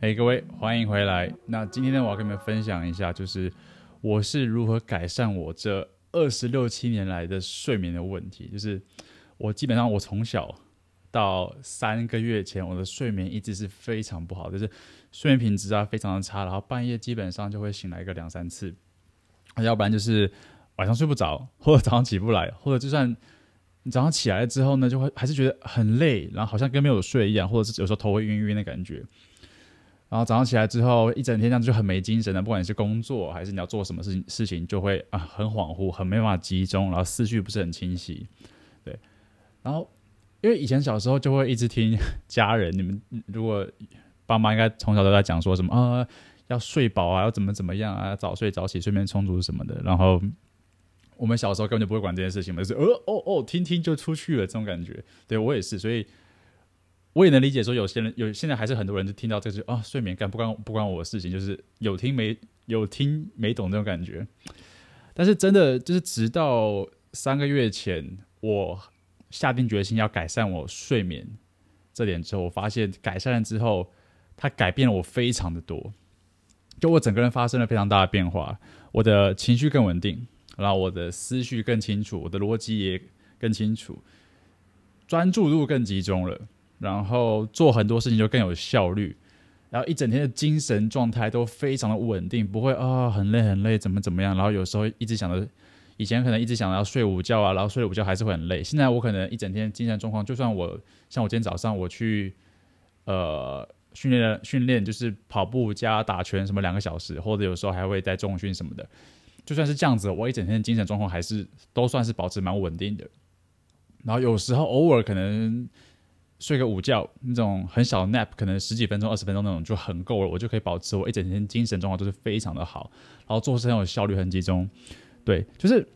哎，hey, 各位，歡迎回來。那今天呢，我要跟你們分享一下，就是我是如何改善我這二十六七年來的睡眠的問題。就是我基本上，我從小到三個月前，我的睡眠一直是非常不好，就是睡眠品質啊非常的差，然後半夜基本上就會醒來個兩三次，要不然就是晚上睡不着，或者早上起不來，或者就算你早上起來了之後呢，就會還是覺得很累，然後好像跟沒有睡一樣，或者是有時候頭會暈暈的感覺。然後早上起來之後，一整天這樣就很沒精神的。不管你是工作還是你要做什麼事情，事情就會啊，很恍惚，很沒辦法集中，然後思緒不是很清晰。對，然後因為以前小時候就會一直聽家人，你們如果爸媽應該從小都在講說什麼啊、呃，要睡飽啊，要怎麼怎麼樣啊，早睡早起，睡眠充足什麼的。然後我們小時候根本就不會管這件事情嘛，就是呃哦哦，哦，聽聽就出去了這種感覺。對我也是，所以。我也能理解，說有些人有，現在還是很多人就聽到這個啊，睡眠干不關不關我的事情，就是有聽沒有聽沒懂那種感覺。但是真的就是，直到三個月前，我下定決心要改善我睡眠這點之後，我發現改善了之後，它改變了我非常的多。就我整個人發生了非常大的變化，我的情緒更穩定，然後我的思緒更清楚，我的邏輯也更清楚，專注度更集中了。然後做很多事情就更有效率，然後一整天的精神狀態都非常的穩定，不會啊、哦、很累很累怎麼怎麼樣。然後有時候一直想着，以前可能一直想着要睡午覺啊，然後睡午覺還是會很累。現在我可能一整天精神狀況，就算我像我今天早上我去呃訓練訓練，就是跑步加打拳什麼兩個小時，或者有時候還會帶重訓什麼的，就算是這樣子，我一整天精神狀況還是都算是保持蠻穩定的。然後有時候偶爾可能。睡個午覺，那種很小的 nap，可能十幾分鐘、二十分鐘那種就很夠了，我就可以保持我一整天精神狀況都是非常的好，然後做事很有效率、很集中。對，就是，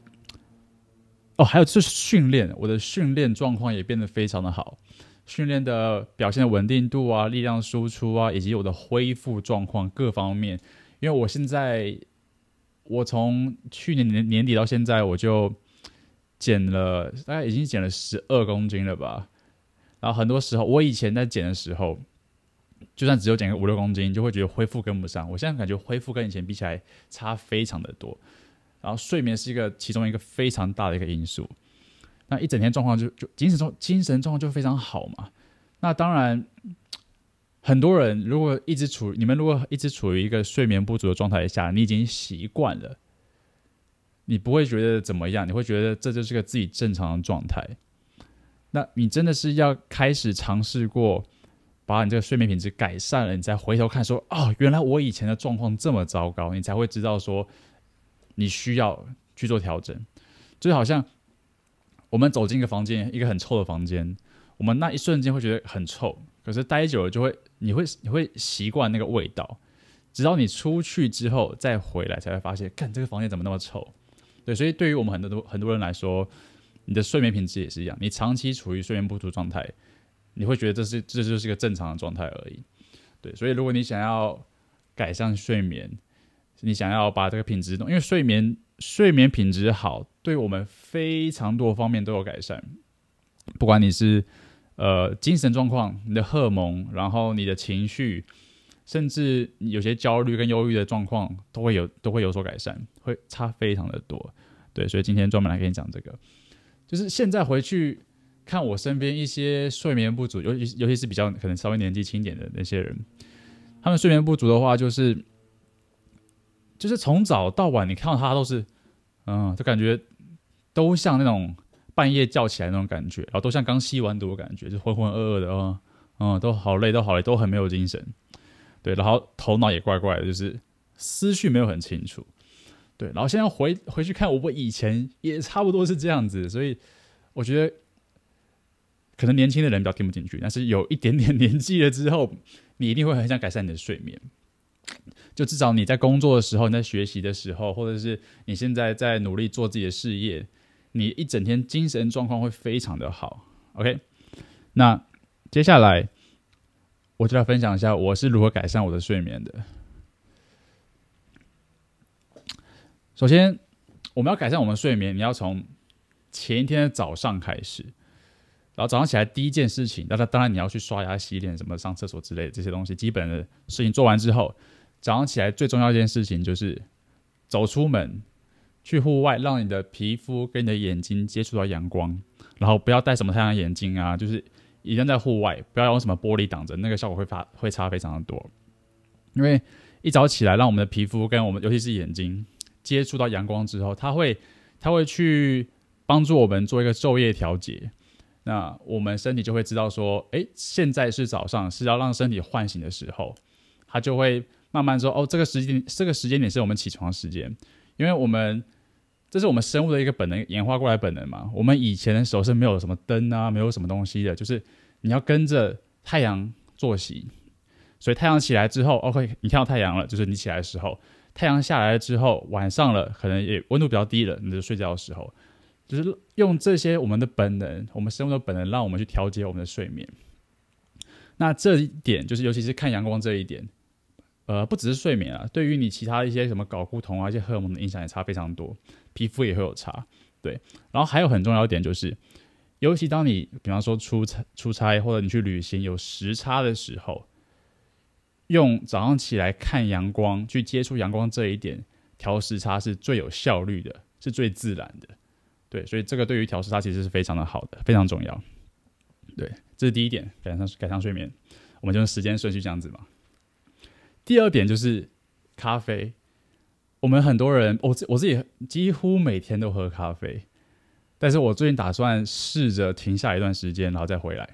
哦，還有就是訓練，我的訓練狀況也變得非常的好，訓練的表現的穩定度啊、力量輸出啊，以及我的恢復狀況各方面，因為我現在，我從去年年年底到現在，我就減了大概已經減了十二公斤了吧。然後很多時候，我以前在減的時候，就算只有減個五六公斤，就會覺得恢復跟不上。我現在感覺恢復跟以前比起來差非常的多。然後睡眠是一個其中一個非常大的一個因素。那一整天狀況就就精神狀精神狀況就非常好嘛。那當然，很多人如果一直處，你們如果一直處於一個睡眠不足的狀態下，你已經習慣了，你不會覺得怎麼樣，你會覺得這就是個自己正常的狀態。那你真的是要開始嘗試過，把你這個睡眠品質改善了，你再回頭看說，哦，原來我以前的狀況這麼糟糕，你才會知道說，你需要去做調整。就好像我們走進一個房間，一個很臭的房間，我們那一瞬間會覺得很臭，可是待久了就會，你會你會習慣那個味道，直到你出去之後再回來，才會發現，看這個房間怎麼那麼臭。對，所以對於我們很多很多人來說。你的睡眠品質也是一樣，你長期處於睡眠不足狀態，你會覺得這是這就是一個正常的狀態而已。對，所以如果你想要改善睡眠，你想要把這個品質，因為睡眠睡眠品質好，對我們非常多方面都有改善。不管你是呃精神狀況、你的荷爾蒙，然後你的情緒，甚至有些焦慮跟憂鬱的狀況，都會有都會有所改善，會差非常的多。對，所以今天專門來跟你講這個。就是現在回去看我身邊一些睡眠不足，尤其尤其是比較可能稍微年紀輕點的那些人，他們睡眠不足的話就是，就是就是從早到晚，你看到他都是，嗯，就感覺都像那種半夜叫起來那種感覺，然後都像剛吸完毒的感覺，就渾渾噩噩的啊哦，嗯，都好累，都好累，都很沒有精神，對，然後頭腦也怪怪的，就是思緒沒有很清楚。對，然後現在回回去看，我以前也差不多是這樣子，所以我覺得可能年輕的人比較聽不進去，但是有一點點年紀了之後，你一定會很想改善你的睡眠。就至少你在工作的時候、你在學習的時候，或者是你現在在努力做自己的事業，你一整天精神狀況會非常的好。OK，那接下來我就來分享一下我是如何改善我的睡眠的。首先，我們要改善我們的睡眠。你要從前一天的早上開始，然後早上起來第一件事情，那他當然你要去刷牙、洗臉、什麼上廁所之類的這些東西，基本的事情做完之後，早上起來最重要一件事情就是走出門去戶外，讓你的皮膚跟你的眼睛接觸到陽光，然後不要戴什麼太陽眼鏡啊，就是一定在戶外，不要用什麼玻璃擋着，那個效果會發，會差非常的多。因為一早起來，讓我們的皮膚跟我們尤其是眼睛。接觸到陽光之後，它會，它會去幫助我們做一個晝夜調節。那我們身體就會知道說，誒、欸，現在是早上，是要讓身體喚醒的時候。他就會慢慢說，哦，這個時間，這個時間點是我們起床時間。因為我們，這是我們生物的一個本能，演化過來本能嘛。我們以前的時候是沒有什麼燈啊，沒有什麼東西的，就是你要跟着太陽作息。所以太陽起來之後，OK，你看到太陽了，就是你起來的時候。太陽下來了之後，晚上了，可能也溫度比較低了，你就睡覺的時候，就是用這些我們的本能，我們生物的本能，讓我們去調節我們的睡眠。那這一點就是，尤其是看陽光這一點，呃，不只是睡眠啊，對於你其他的一些什麼睪固酮啊、一些荷爾蒙的影響也差非常多，皮膚也會有差，對。然後還有很重要一點就是，尤其當你比方說出差、出差或者你去旅行有時差的時候。用早上起來看陽光，去接觸陽光這一點調時差是最有效率的，是最自然的，對，所以這個對於調時差其實是非常的好的，非常重要。對，這是第一點，改善改善睡眠，我們就用時間順序這樣子嘛。第二點就是咖啡，我們很多人，我我自己幾乎每天都喝咖啡，但是我最近打算試着停下一段時間，然後再回來。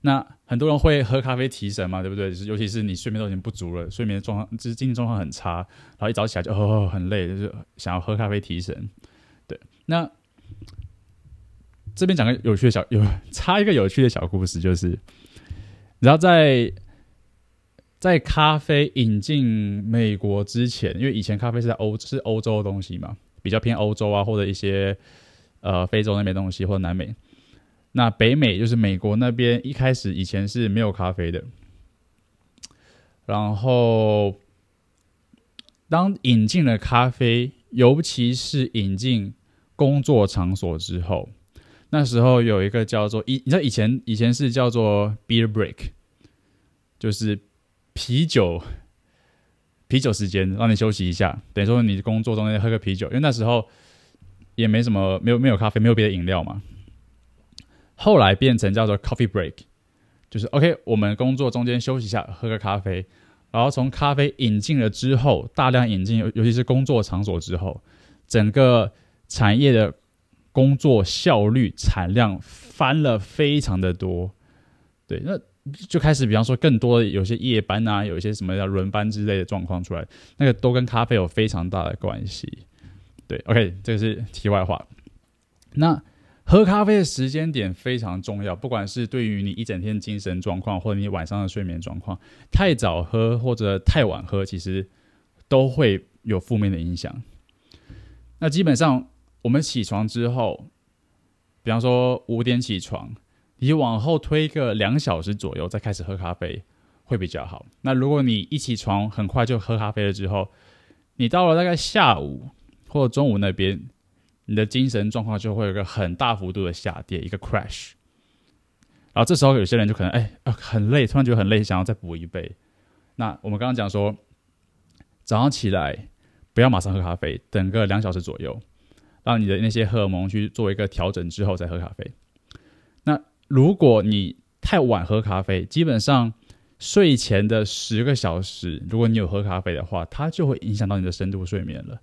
那很多人會喝咖啡提神嘛，對不對？尤其是你睡眠都已經不足了，睡眠狀況，就是精神狀況很差，然後一早起來就哦很累，就是想要喝咖啡提神。對，那這邊講個有趣的小有插一個有趣的小故事，就是，然後在在咖啡引進美國之前，因為以前咖啡是在歐是歐洲的東西嘛，比較偏歐洲啊，或者一些呃非洲那邊東西，或南美。那北美就是美國那邊，一開始以前是沒有咖啡的。然後當引進了咖啡，尤其是引進工作場所之後，那時候有一個叫做以你知道以前以前是叫做 beer break，就是啤酒啤酒時間，讓你休息一下，等於說你工作中間喝個啤酒，因為那時候也沒什麼沒有沒有咖啡，沒有別的飲料嘛。後來變成叫做 coffee break，就是 OK，我們工作中間休息一下，喝個咖啡。然後從咖啡引進了之後，大量引進，尤尤其是工作場所之後，整個產業的工作效率、產量翻了非常的多。對，那就開始，比方說更多的有些夜班啊，有一些什麼叫輪班之類的狀況出來，那個都跟咖啡有非常大的關係。對，OK，這個是題外話。那。喝咖啡的時間點非常重要，不管是對於你一整天的精神狀況，或者你晚上的睡眠狀況，太早喝或者太晚喝，其實都會有負面的影響。那基本上，我們起床之後，比方說五點起床，你往後推個兩小時左右再開始喝咖啡會比較好。那如果你一起床很快就喝咖啡了之後，你到了大概下午或者中午那邊。你的精神狀況就會有一個很大幅度的下跌，一個 crash。然後這時候有些人就可能，哎、欸呃，很累，突然覺得很累，想要再補一杯。那我們剛剛講說，早上起來不要馬上喝咖啡，等個兩小時左右，讓你的那些荷爾蒙去做一個調整之後再喝咖啡。那如果你太晚喝咖啡，基本上睡前的十個小時，如果你有喝咖啡的話，它就會影響到你的深度睡眠了。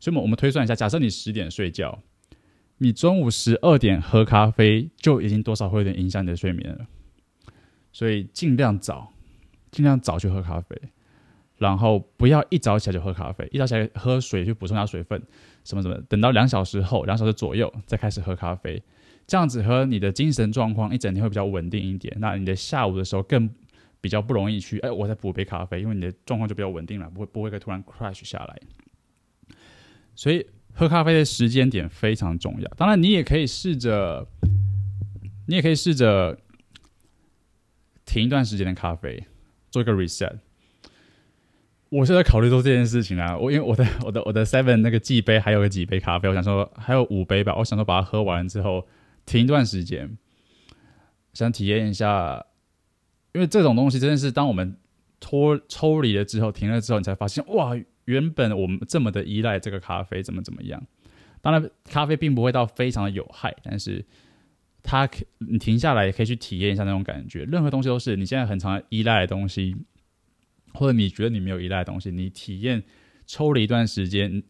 所以，我們推算一下，假設你十點睡覺，你中午十二點喝咖啡，就已經多少會有點影響你的睡眠了。所以，儘量早，儘量早去喝咖啡，然後不要一早起來就喝咖啡，一早起來喝水去補充一下水分，什麼什麼，等到兩小時後，兩小時左右再開始喝咖啡，這樣子喝，你的精神狀況一整天會比較穩定一點。那你的下午的時候更比較不容易去，哎，我再補杯咖啡，因為你的狀況就比較穩定了，不會不會突然 crash 下來。所以喝咖啡的時間點非常重要，當然，你也可以試着，你也可以試着停一段時間的咖啡，做一個 reset。我現在考慮做這件事情啊，我因為我的我的我的 seven 那個 G 杯還有個幾杯咖啡，我想說還有五杯吧，我想說把它喝完之後停一段時間，想體驗一下。因為這種東西真的是，當我們脫抽離了之後，停了之後，你才發現哇，原本我們這麼的依賴這個咖啡，怎麼怎麼樣？當然，咖啡並不會到非常的有害，但是它可你停下來也可以去體驗一下那種感覺。任何東西都是你現在很常依賴的東西，或者你覺得你沒有依賴的東西，你體驗抽了一段時間，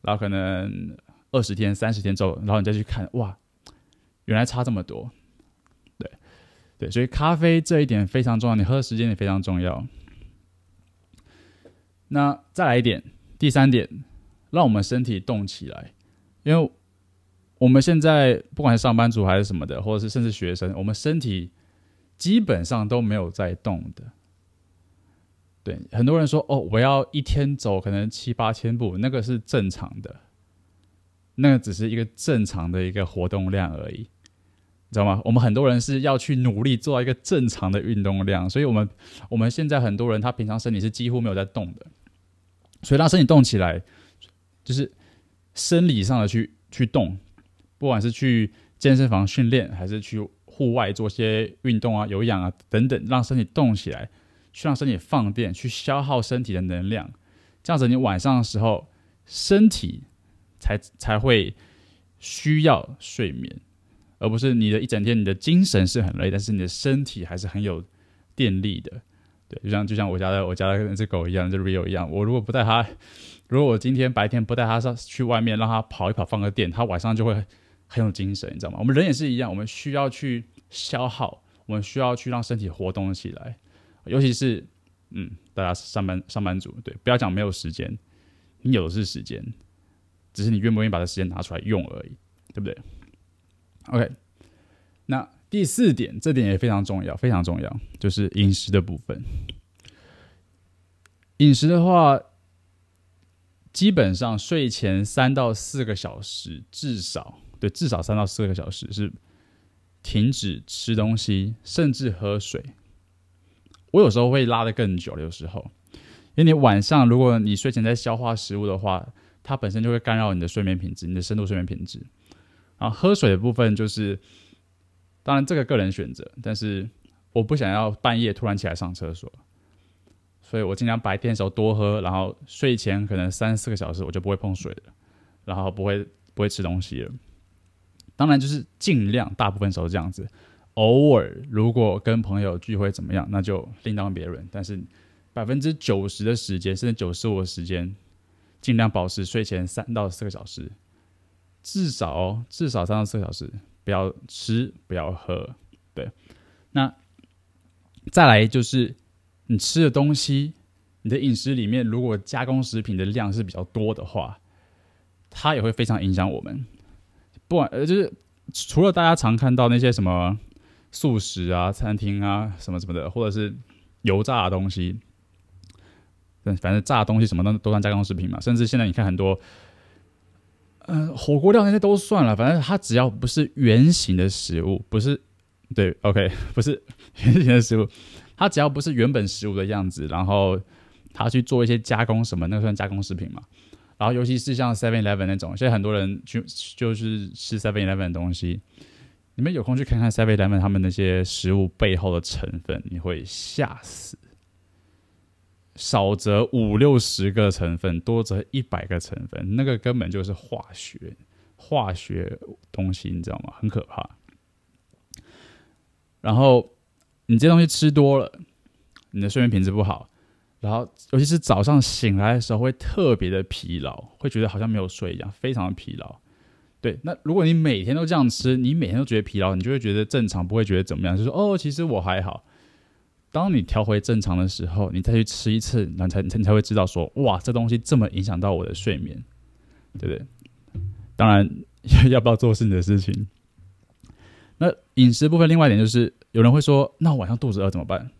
然後可能二十天、三十天之後，然後你再去看，哇，原來差這麼多。對，對，所以咖啡這一點非常重要，你喝的時間也非常重要。那再來一點，第三點，讓我們身體動起來，因為我們現在不管是上班族還是什麼的，或者是甚至學生，我們身體基本上都沒有在動的。對，很多人說哦，我要一天走可能七八千步，那個是正常的，那個只是一個正常的一個活動量而已，你知道嗎？我們很多人是要去努力做一個正常的運動量，所以，我們我們現在很多人他平常身體是幾乎沒有在動的。所以讓身體動起來，就是生理上的去去動，不管是去健身房訓練，還是去戶外做些運動啊、有氧啊等等，讓身體動起來，去讓身體放電，去消耗身體的能量。這樣子，你晚上的時候身體才才會需要睡眠，而不是你的一整天，你的精神是很累，但是你的身體還是很有電力的。就像就像我家的我家的那隻狗一樣，那隻 Rio 一樣，我如果不帶它，如果我今天白天不帶它上去外面，讓它跑一跑，放個電，它晚上就會很有精神，你知道嗎？我們人也是一樣，我們需要去消耗，我們需要去讓身體活動起來，尤其是嗯，大家上班上班族，對，不要講沒有時間，你有的是時間，只是你願不願意把這時間拿出來用而已，對不對？OK，那。第四點，這點也非常重要，非常重要，就是飲食的部分。飲食的話，基本上睡前三到四個小時，至少對，至少三到四個小時是停止吃東西，甚至喝水。我有時候會拉得更久，有時候，因為你晚上如果你睡前在消化食物的話，它本身就會干擾你的睡眠品質，你的深度睡眠品質。然後喝水的部分就是。當然，這個個人選擇，但是我不想要半夜突然起來上廁所，所以我盡量白天的時候多喝，然後睡前可能三四個小時我就不會碰水了，然後不會不會吃東西了。當然，就是盡量大部分時候這樣子，偶爾如果跟朋友聚會怎麼樣，那就另當別論。但是百分之九十的時間，甚至九十五的時間，盡量保持睡前三到四個小時，至少哦至少三到四個小時。不要吃，不要喝，對。那再來就是你吃的東西，你的飲食裡面如果加工食品的量是比較多的話，它也會非常影響我們。不管呃，就是除了大家常看到那些什麼速食啊、餐廳啊什麼什麼的，或者是油炸的東西，嗯，反正炸的東西什麼都都算加工食品嘛。甚至現在你看很多。呃、嗯，火鍋料那些都算了，反正它只要不是原型的食物，不是，對，OK，不是原型的食物，它只要不是原本食物的樣子，然後它去做一些加工什麼，那個、算加工食品嘛。然後尤其是像 Seven Eleven 那種，現在很多人去就是吃 Seven Eleven 的東西，你們有空去看看 Seven Eleven 他們那些食物背後的成分，你會嚇死。少則五六十個成分，多則一百個成分，那個根本就是化學化學東西，你知道嗎？很可怕。然後你這些東西吃多了，你的睡眠品質不好，然後尤其是早上醒來的時候會特別的疲勞，會覺得好像沒有睡一樣，非常的疲勞。對，那如果你每天都這樣吃，你每天都覺得疲勞，你就會覺得正常，不會覺得怎麼樣，就是說哦，其實我還好。當你調回正常的時候，你再去吃一次，那才，你才你才會知道說，哇，這東西這麼影響到我的睡眠，對不對？當然，要不要做是你的事情。那飲食部分，另外一點就是，有人會說，那晚上肚子餓怎麼辦？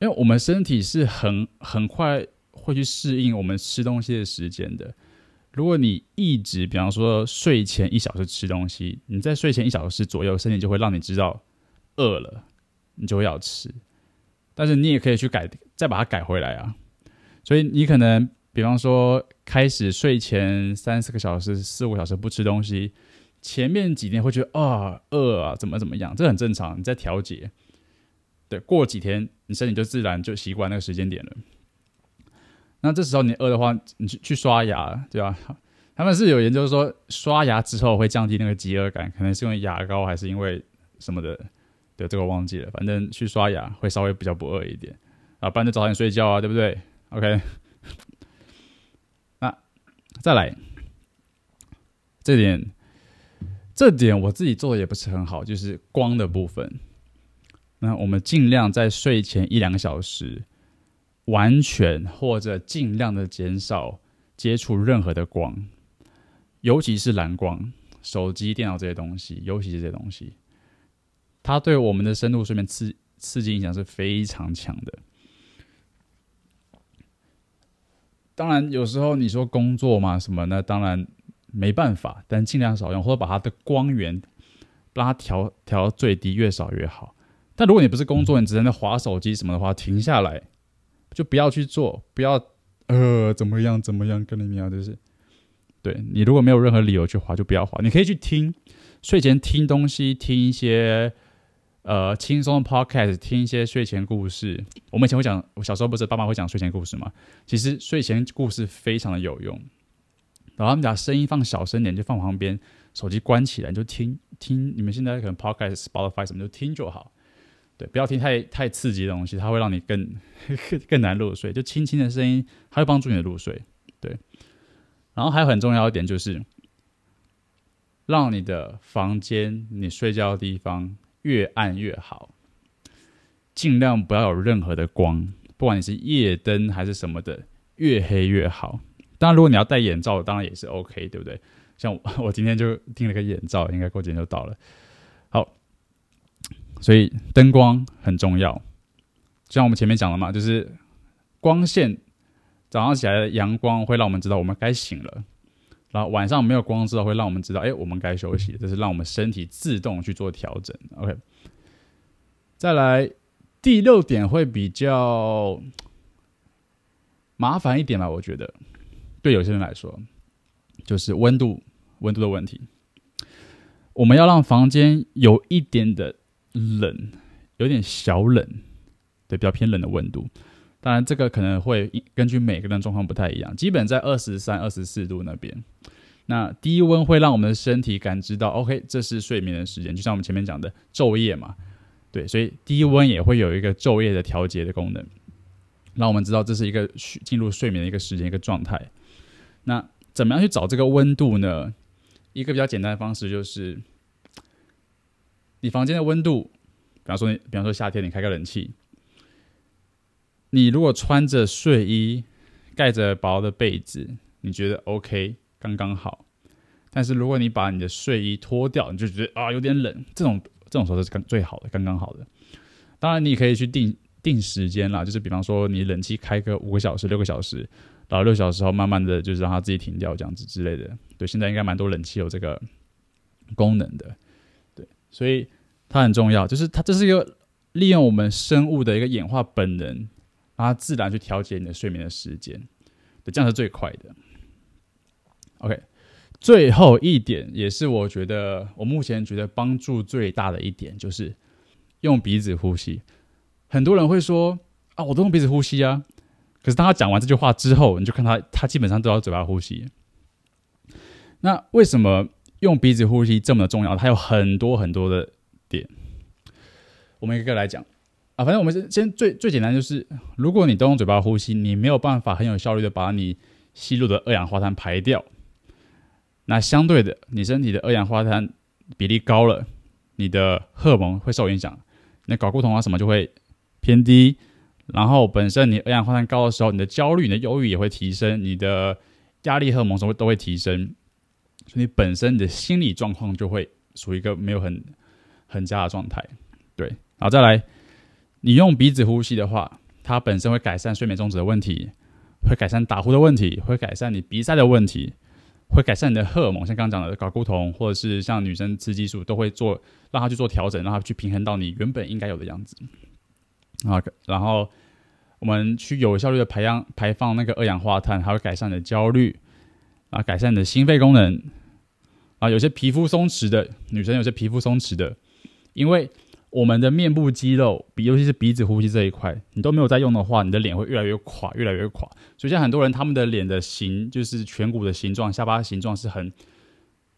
因為我們身體是很很快會去適應我們吃東西的時間的。如果你一直，比方說睡前一小時吃東西，你在睡前一小時左右，身體就會讓你知道餓了。你就會要吃，但是你也可以去改，再把它改回來啊。所以你可能，比方說，開始睡前三四個小時、四五個小時不吃東西，前面幾天會覺得啊餓啊，怎麼怎麼樣，這很正常。你再調節，對，過幾天你身體就自然就習慣那個時間點了。那這時候你餓的話，你去去刷牙，對吧？他們是有研究說，刷牙之後會降低那個飢餓感，可能是因為牙膏，還是因為什麼的。對，這個我忘記了。反正去刷牙會稍微比較不餓一點啊，不然就早點睡覺啊，對不對？OK，那再來，這點，這點我自己做的也不是很好，就是光的部分。那我們盡量在睡前一兩個小時，完全或者盡量的減少接觸任何的光，尤其是藍光、手機、電腦這些東西，尤其是這些東西。它對我們的深度睡眠刺刺激影響是非常強的。當然，有時候你說工作嘛什麼，那當然沒辦法，但儘量少用或者把它的光源讓它調調最低，越少越好。但如果你不是工作，你只能在滑手機什麼的話，停下來就不要去做，不要呃怎麼樣怎麼樣，跟你聊就是。對，你如果沒有任何理由去滑，就不要滑。你可以去聽睡前聽東西，聽一些。呃，輕鬆的 podcast，聽一些睡前故事。我們以前會講，我小時候不是爸媽會講睡前故事嗎？其實睡前故事非常的有用。然後他們把聲音放小聲點，就放旁邊，手機關起來，你就聽聽。你們現在可能 podcast、Spotify 什麼就聽就好。對，不要聽太太刺激的東西，它會讓你更呵呵更難入睡。就輕輕的聲音，它會幫助你入睡。對。然後還有很重要一點就是，讓你的房間，你睡覺的地方。越暗越好，盡量不要有任何的光，不管你是夜燈還是什麼的，越黑越好。當然，如果你要戴眼罩，當然也是 OK，對不對？像我，我今天就訂了個眼罩，應該過幾天就到了。好，所以燈光很重要，就像我們前面講的嘛，就是光線，早上起來的陽光會讓我們知道我們該醒了。然後晚上沒有光之後，會讓我們知道，哎，我們該休息。這是讓我們身體自動去做調整。OK，再來第六點會比較麻煩一點吧？我覺得對有些人來說，就是溫度，溫度的問題。我們要讓房間有一點的冷，有點小冷，對，比較偏冷的溫度。當然，這個可能會根據每個人的狀況不太一樣，基本在二十三、二十四度那邊。那低溫會讓我們的身體感知到，OK，這是睡眠的時間，就像我們前面講的晝夜嘛，對，所以低溫也會有一個晝夜的調節的功能，讓我們知道這是一個進入睡眠的一個時間、一個狀態。那怎麼樣去找這個溫度呢？一個比較簡單的方式就是，你房間的溫度，比方說，你比方說夏天你開個冷氣，你如果穿着睡衣，蓋着薄的被子，你覺得 OK？剛剛好，但是如果你把你的睡衣脫掉，你就覺得啊有點冷，這種這種時候是剛最好的，剛剛好的。當然，你也可以去定定時間啦，就是比方說你冷氣開個五個小時、六個小時，然後六小時後慢慢的就是讓它自己停掉，這樣子之類的。對，現在應該蠻多冷氣有這個功能的。對，所以它很重要，就是它這是一個利用我們生物的一個演化本能，讓它自然去調節你的睡眠的時間，對，這樣是最快的。OK，最後一點也是我覺得我目前覺得幫助最大的一點，就是用鼻子呼吸。很多人會說啊，我都用鼻子呼吸啊。可是當他講完這句話之後，你就看他，他基本上都要嘴巴呼吸。那為什麼用鼻子呼吸這麼重要？它有很多很多的點，我們一個個來講啊。反正我們先最最簡單就是，如果你都用嘴巴呼吸，你沒有辦法很有效率的把你吸入的二氧化碳排掉。那相對的，你身體的二氧化碳比例高了，你的荷爾蒙會受影響。那睾固酮啊什麼就會偏低。然後本身你二氧化碳高的時候，你的焦慮、你的憂鬱也會提升，你的壓力荷爾蒙什麼都會提升，所以你本身你的心理狀況就會屬於一個沒有很很佳的狀態。對，好，再來，你用鼻子呼吸的話，它本身會改善睡眠中止的問題，會改善打呼的問題，會改善你鼻塞的問題。會改善你的荷爾蒙，像剛才講的睾固酮，或者是像女生雌激素，都會做，讓她去做調整，讓她去平衡到你原本應該有的樣子。然後，然後我們去有效率的排氧、排放那個二氧化碳，還會改善你的焦慮，啊，改善你的心肺功能。啊，有些皮膚鬆弛的女生，有些皮膚鬆弛的，因為。我們的面部肌肉，比尤其是鼻子呼吸這一塊，你都沒有在用的話，你的臉會越來越垮，越來越垮。所以像很多人他們的臉的形，就是顴骨的形狀、下巴的形狀是很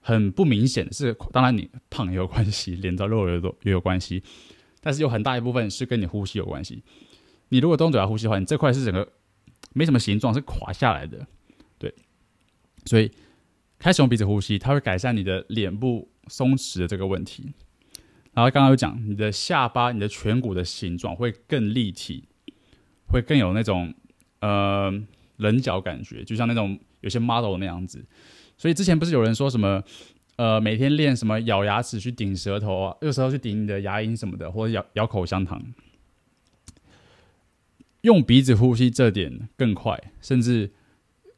很不明顯的。是當然你胖也有關係，臉到肉也有也有關係，但是有很大一部分是跟你呼吸有關係。你如果動嘴巴呼吸的話，你這塊是整個沒什麼形狀，是垮下來的。對，所以開始用鼻子呼吸，它會改善你的臉部鬆弛的這個問題。然後剛剛有講，你的下巴、你的顴骨的形狀會更立體，會更有那種呃稜角感覺，就像那種有些 model 那樣子。所以之前不是有人說什麼，呃，每天練什麼咬牙齒去頂舌頭啊，有時候去頂你的牙齦什麼的，或者咬咬口香糖，用鼻子呼吸，這點更快，甚至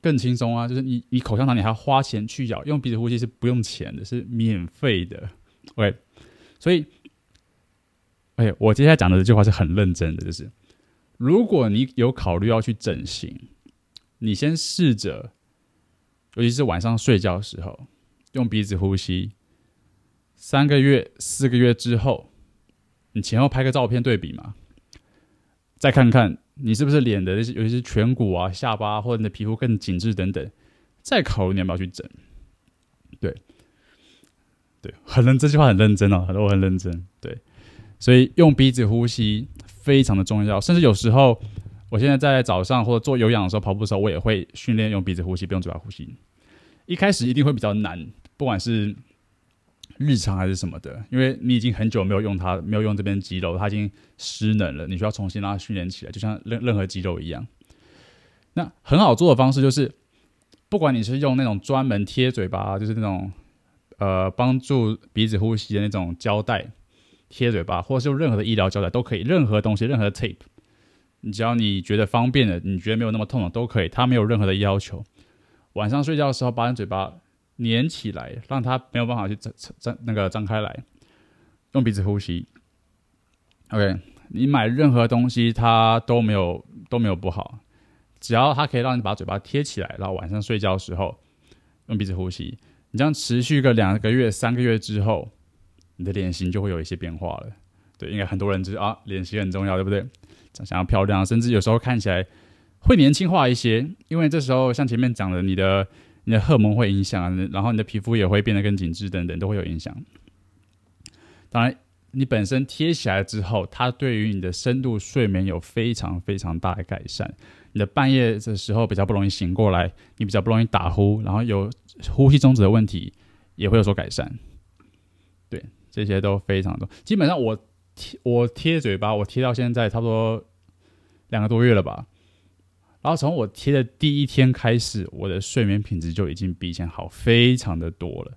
更輕鬆啊！就是你你口香糖你還要花錢去咬，用鼻子呼吸是不用錢的，是免費的，喂、okay。所以，哎，我接下來講的這句話是很認真的，就是如果你有考慮要去整形，你先試着，尤其是晚上睡覺的時候用鼻子呼吸，三個月、四個月之後，你前後拍個照片對比嘛，再看看你是不是臉的，尤其是顴骨啊、下巴啊，或者你的皮膚更緊緻等等，再考慮你要不要去整。對，很認真，這句話很認真哦、喔，我很認真。對，所以用鼻子呼吸非常的重要。甚至有時候，我現在在早上或者做有氧的時候、跑步的時候，我也會訓練用鼻子呼吸，不用嘴巴呼吸。一開始一定會比較難，不管是日常還是什麼的，因為你已經很久沒有用它，沒有用這邊肌肉，它已經失能了。你需要重新讓它訓練起來，就像任任何肌肉一樣。那很好做的方式就是，不管你是用那種專門貼嘴巴，就是那種。呃，幫助鼻子呼吸的那種膠帶貼嘴巴，或是用任何的醫療膠帶都可以，任何東西，任何 tape，你只要你覺得方便的，你覺得沒有那麼痛的都可以，它沒有任何的要求。晚上睡覺的時候，把你嘴巴粘起來，讓它沒有辦法去張張張那個張開來，用鼻子呼吸。OK，你買任何東西它都沒有都沒有不好，只要它可以讓你把嘴巴貼起來，然後晚上睡覺的時候用鼻子呼吸。你這樣持續個兩個月、三個月之後，你的臉型就會有一些變化了。對，應該很多人知道啊，臉型很重要，對不對？想想要漂亮，甚至有時候看起來會年輕化一些，因為這時候像前面講的，你的你的荷爾蒙會影響，然後你的皮膚也會變得更緊緻等等，都會有影響。當然，你本身貼起來之後，它對於你的深度睡眠有非常非常大的改善。你的半夜的時候比較不容易醒過來，你比較不容易打呼，然後有。呼吸中止的問題也會有所改善，對，這些都非常多，基本上我貼我貼嘴巴，我貼到現在差不多兩個多月了吧。然後從我貼的第一天開始，我的睡眠品質就已經比以前好非常的多了。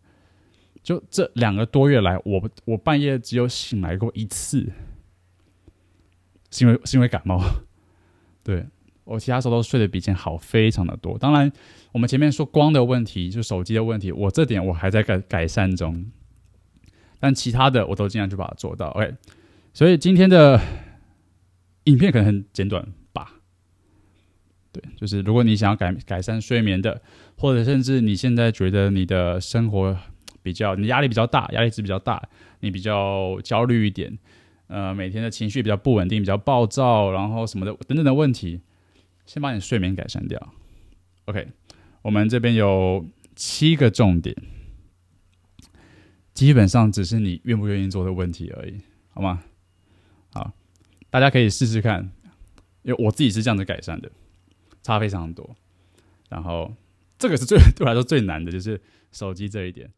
就這兩個多月來，我我半夜只有醒來過一次，是因為是因為感冒，對。我其他時候都睡得比以前好，非常的多。當然，我們前面說光的問題，就手機的問題，我這點我還在改改善中，但其他的我都盡量去把它做到。OK，所以今天的影片可能很簡短吧。對，就是如果你想要改改善睡眠的，或者甚至你現在覺得你的生活比較，你壓力比較大，壓力值比較大，你比較焦慮一點，呃，每天的情緒比較不穩定，比較暴躁，然後什麼的，等等的問題。先把你睡眠改善掉，OK，我們這邊有七個重點，基本上只是你願不願意做的問題而已，好嗎？好，大家可以試試看，因為我自己是這樣子改善的，差非常多。然後這個是最對我來說最難的，就是手機這一點。